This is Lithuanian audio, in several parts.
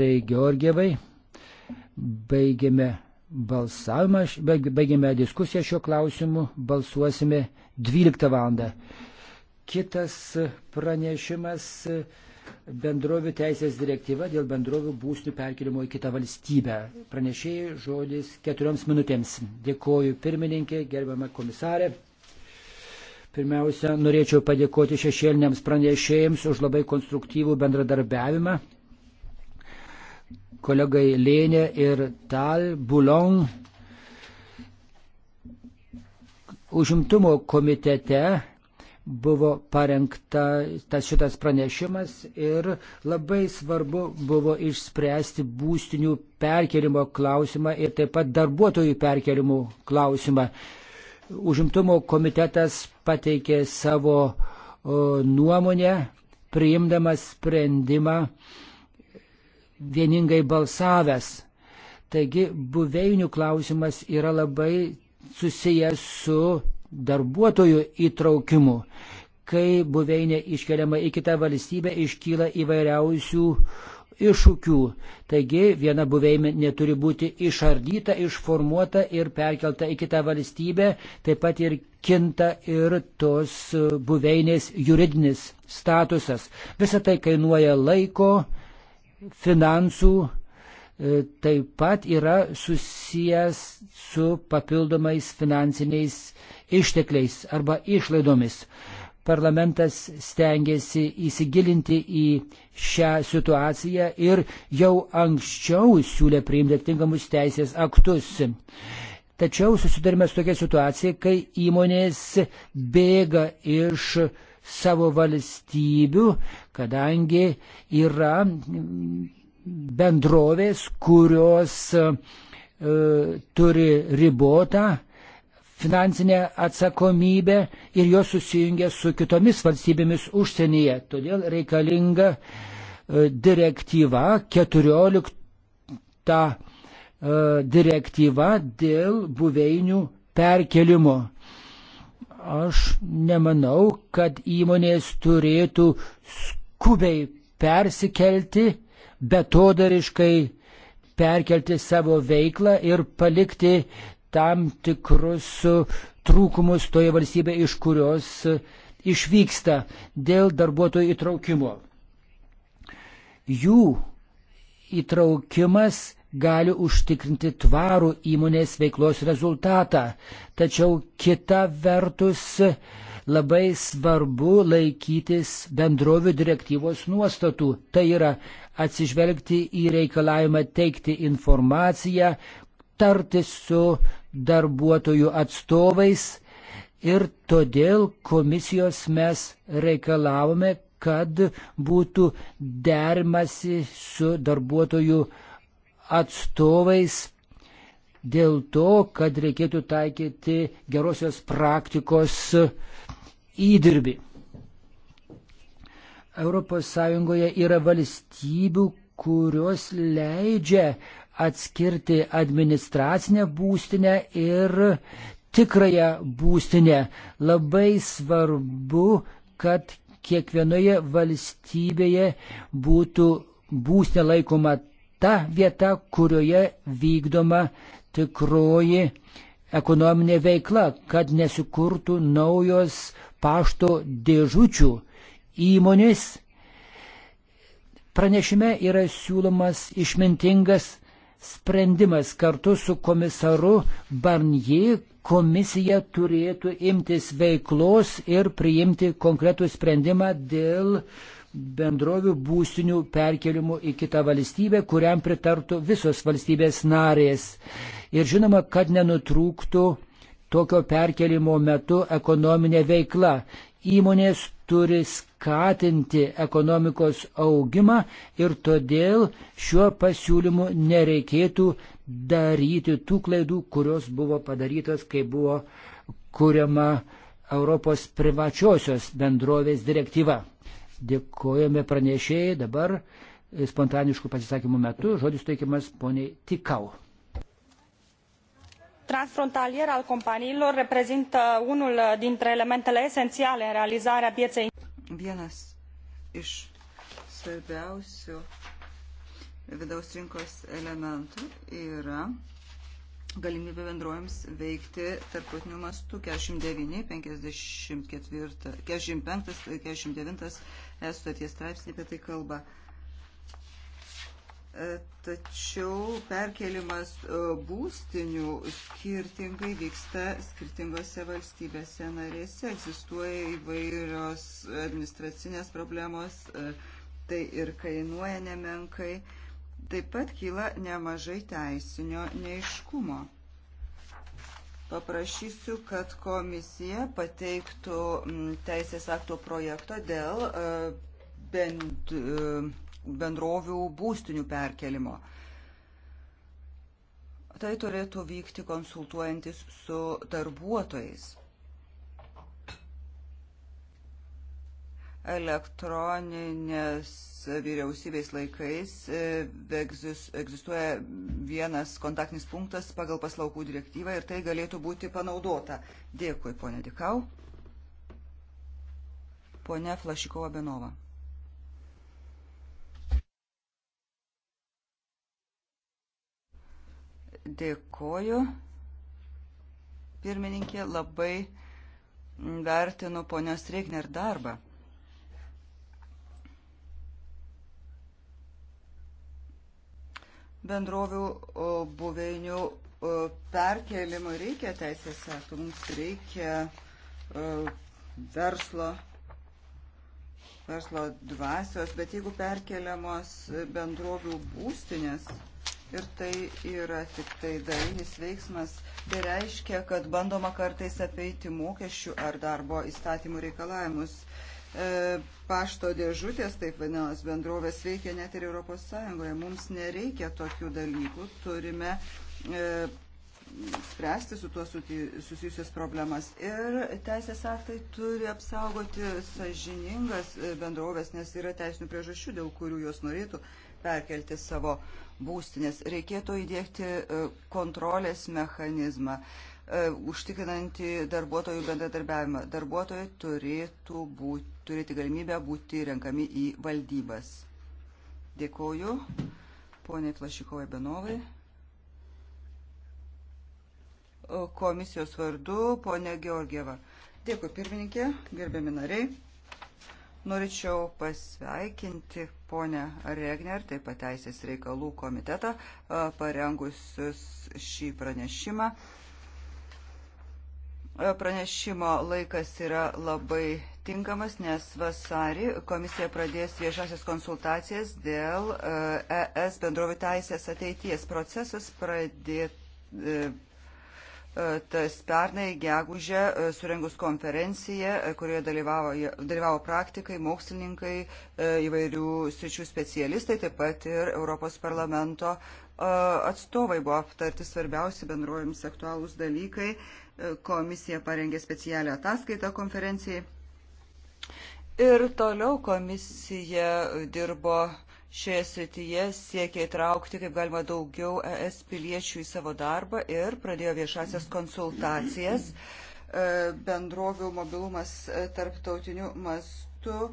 Vei Georgievai. Baigėme balsavimą, baigėme diskusiją šiuo klausimu, balsuosime 12 val. Kitas pranešimas bendrovių teisės direktyva dėl bendrovių būstų perkelimo į kitą valstybę. Pranešėjai žodis keturioms minutėms. Dėkoju pirmininkė, gerbiama komisarė. Pirmiausia, norėčiau padėkoti šešėliniams pranešėjams už labai konstruktyvų bendradarbiavimą kolegai Lėnė ir Tal Bulon užimtumo komitete buvo parengta tas šitas pranešimas ir labai svarbu buvo išspręsti būstinių perkelimo klausimą ir taip pat darbuotojų perkelimų klausimą. Užimtumo komitetas pateikė savo o, nuomonę, priimdamas sprendimą uh, vieningai balsavęs. Taigi buveinių klausimas yra labai susijęs su darbuotojų įtraukimu. Kai buveinė iškeliama į kitą valstybę, iškyla įvairiausių iššūkių. Taigi viena buveinė neturi būti išardyta, išformuota ir perkelta į kitą valstybę, taip pat ir kinta ir tos buveinės juridinis statusas. Visą tai kainuoja laiko, finansų e, taip pat yra susijęs su papildomais finansiniais ištekliais arba išlaidomis. Parlamentas stengiasi įsigilinti į šią situaciją ir jau anksčiau siūlė priimti atitinkamus teisės aktus. Tačiau susidurime su tokia situacija, kai įmonės bėga iš savo valstybių, kadangi yra bendrovės, kurios e, turi ribotą finansinę atsakomybę ir jos susijungia su kitomis valstybėmis užsienyje. Todėl reikalinga e, direktyva 14 e, direktyva dėl buveinių perkelimo. Aš nemanau, kad įmonės turėtų skubiai persikelti, betodariškai perkelti savo veiklą ir palikti tam tikrus trūkumus toje valstybėje, iš kurios išvyksta dėl darbuotojų įtraukimo. Jų įtraukimas gali užtikrinti tvarų įmonės veiklos rezultatą. Tačiau kita vertus labai svarbu laikytis bendrovių direktyvos nuostatų. Tai yra atsižvelgti į reikalavimą teikti informaciją, tartis su darbuotojų atstovais ir todėl komisijos mes reikalavome, kad būtų dermasi su darbuotojų atstovais atstovais dėl to, kad reikėtų taikyti gerosios praktikos įdirbį. ES yra valstybių, kurios leidžia atskirti administracinę būstinę ir tikrąją būstinę. Labai svarbu, kad kiekvienoje valstybėje būtų būstinė laikoma ta vieta, kurioje vykdoma tikroji ekonominė veikla, kad nesikurtų naujos pašto dėžučių įmonės. Pranešime yra siūlomas išmintingas sprendimas kartu su komisaru Barnie komisija turėtų imtis veiklos ir priimti konkretų sprendimą dėl bendrovių būstinių perkelimų į kitą valstybę, kuriam pritartų visos valstybės narės. Ir žinoma, kad nenutrūktų tokio perkelimo metu ekonominė veikla. Įmonės turi skirti skatinti ekonomikos augimą ir todėl šiuo pasiūlymu nereikėtų daryti tų klaidų, kurios buvo padarytos, kai buvo kuriama Europos privačiosios bendrovės direktyva. Dėkojame pranešėjai dabar spontaniškų pasisakymų metu. Žodis teikiamas poniai Tikau. Transfrontalier al companiilor reprezintă unul dintre elementele esențiale în realizarea pieței Vienas iš svarbiausių vidaus rinkos elementų yra galimybė bendrojams veikti tarptautiniu mastu 49, 54, 45, 49 es stoties straipsnė apie tai kalba. E, tačiau perkelimas e, būstinių skirtingai vyksta skirtingose valstybėse narėse. Egzistuoja įvairios administracinės problemos, e, tai ir kainuoja nemenkai. Taip pat kyla nemažai teisinio neiškumo. Paprašysiu, kad komisija pateiktų teisės akto projekto dėl bent bendrovių būstinių perkelimo. Tai turėtų vykti konsultuojantis su darbuotojais. Elektroninės vyriausybės laikais e, egzistuoja vienas kontaktinis punktas pagal paslaugų direktyvą ir tai galėtų būti panaudota. Dėkui, ponė Dikau. Pone Flašikova Benova. Dėkoju. Pirmininkė, labai vertinu ponios Regner darbą. Bendrovių buveinių perkelimui reikia teisės aktų, mums reikia verslo, verslo dvasios, bet jeigu perkeliamos bendrovių būstinės, ir tai yra tik tai dalinis veiksmas. Tai reiškia, kad bandoma kartais apeiti mokesčių ar darbo įstatymų reikalavimus. E, pašto dėžutės, taip vadinamas, bendrovės veikia net ir ES. Mums nereikia tokių dalykų. Turime e, spręsti su tuo susijusias problemas. Ir teisės aktai turi apsaugoti sažiningas e, bendrovės, nes yra teisinių priežasčių, dėl kurių jos norėtų perkelti savo būstinės. Reikėtų įdėkti e, kontrolės mechanizmą, e, užtikrinantį darbuotojų bendradarbiavimą. Darbuotojai turėtų būti, turėti galimybę būti renkami į valdybas. Dėkoju, poniai Plašikovai Benovai komisijos vardu ponė Georgieva. Dėkui pirmininkė, gerbiami nariai. Norėčiau pasveikinti ponę Regner, taip pat Teisės reikalų komitetą, parengusius šį pranešimą. Pranešimo laikas yra labai tinkamas, nes vasarį komisija pradės viešasias konsultacijas dėl ES bendrovių teisės ateities. Procesas pradėtas e, E, tas pernai gegužę e, surengus konferenciją, e, kurioje dalyvavo, dalyvavo praktikai, mokslininkai, įvairių sričių specialistai, taip pat ir Europos parlamento atstovai buvo aptarti svarbiausi bendrojams aktualūs dalykai. Komisija parengė specialią ataskaitą konferencijai. Ir toliau komisija dirbo uh, šioje srityje siekia įtraukti kaip galima daugiau ES piliečių į savo darbą ir pradėjo viešasias konsultacijas e, bendrovių mobilumas e, tarptautiniu mastu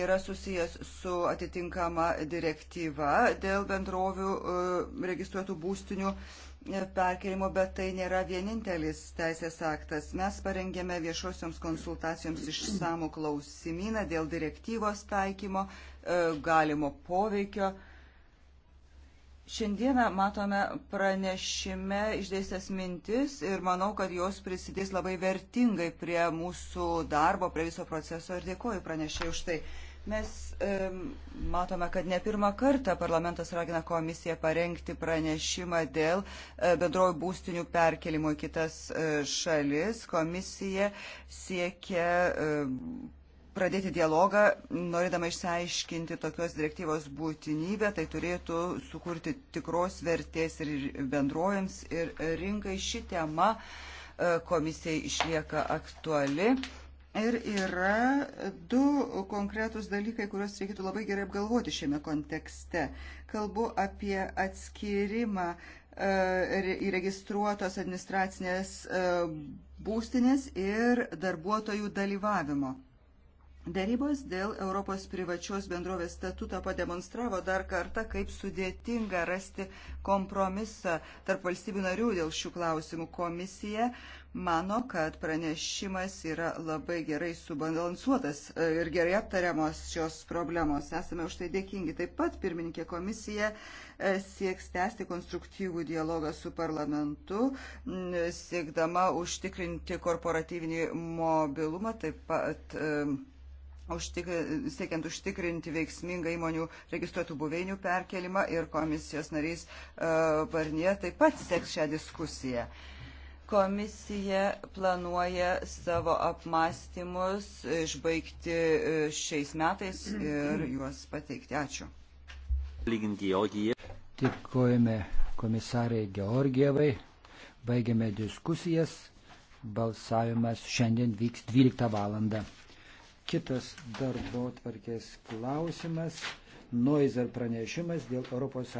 yra susijęs su atitinkama direktyva dėl bendrovių e, registruotų būstinių perkelimo, bet tai nėra vienintelis teisės aktas. Mes parengėme viešosioms konsultacijoms išsamų klausimyną dėl direktyvos taikymo, e, galimo poveikio. Šiandieną matome pranešime išdėstęs mintis ir manau, kad jos prisidės labai vertingai prie mūsų darbo, prie viso proceso ir dėkoju pranešėjai už tai. Mes um, matome, kad ne pirmą kartą parlamentas ragina komisiją parengti pranešimą dėl uh, e, bendrojų būstinių perkelimo į kitas uh, šalis. Komisija siekia uh, pradėti dialogą, norėdama išsiaiškinti tokios direktyvos būtinybę, tai turėtų sukurti tikros vertės ir bendrojams ir rinkai. Ši tema komisijai išlieka aktuali. Ir yra du konkretūs dalykai, kuriuos reikėtų labai gerai apgalvoti šiame kontekste. Kalbu apie atskirimą e, įregistruotos administracinės e, būstinės ir darbuotojų dalyvavimo. Darybos dėl Europos privačios bendrovės statuto pademonstravo dar kartą, kaip sudėtinga rasti kompromisą tarp valstybių narių dėl šių klausimų. Komisija mano, kad pranešimas yra labai gerai subalansuotas e, ir gerai aptariamos šios problemos. Esame už tai dėkingi. Taip pat pirmininkė komisija e, sieks tęsti konstruktyvų dialogą su parlamentu, siekdama užtikrinti korporatyvinį mobilumą, taip pat e, siekiant užtikrinti veiksmingą įmonių registruotų buveinių perkelimą ir komisijos narys e, Barnie taip pat seks šią diskusiją. Komisija planuoja savo apmąstymus išbaigti e, šiais metais ir juos pateikti. Ačiū. Tikojame komisarai Georgievai, baigiame diskusijas, balsavimas šiandien vyks 12 valandą. Kitas darbo tvarkės klausimas - Noizer pranešimas dėl ES.